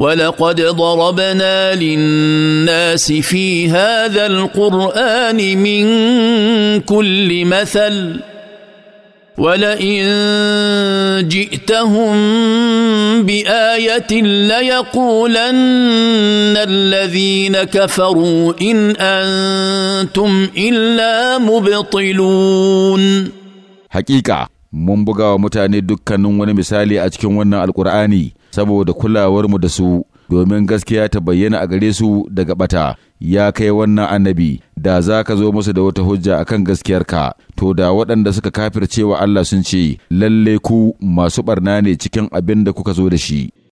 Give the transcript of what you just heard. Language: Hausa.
ولقد ضربنا للناس في هذا القران من كل مثل ولئن جئتهم بايه ليقولن الذين كفروا ان انتم الا مبطلون حقيقه من بغاو متاني mutane dukkanin wani misali saboda kulawarmu da su domin gaskiya ta bayyana a gare su daga bata ya kai wannan annabi da za ka zo musu da wata hujja akan gaskiyarka to da waɗanda suka kafircewa Allah sun ce lalle ku masu barna ne cikin abin da kuka zo da shi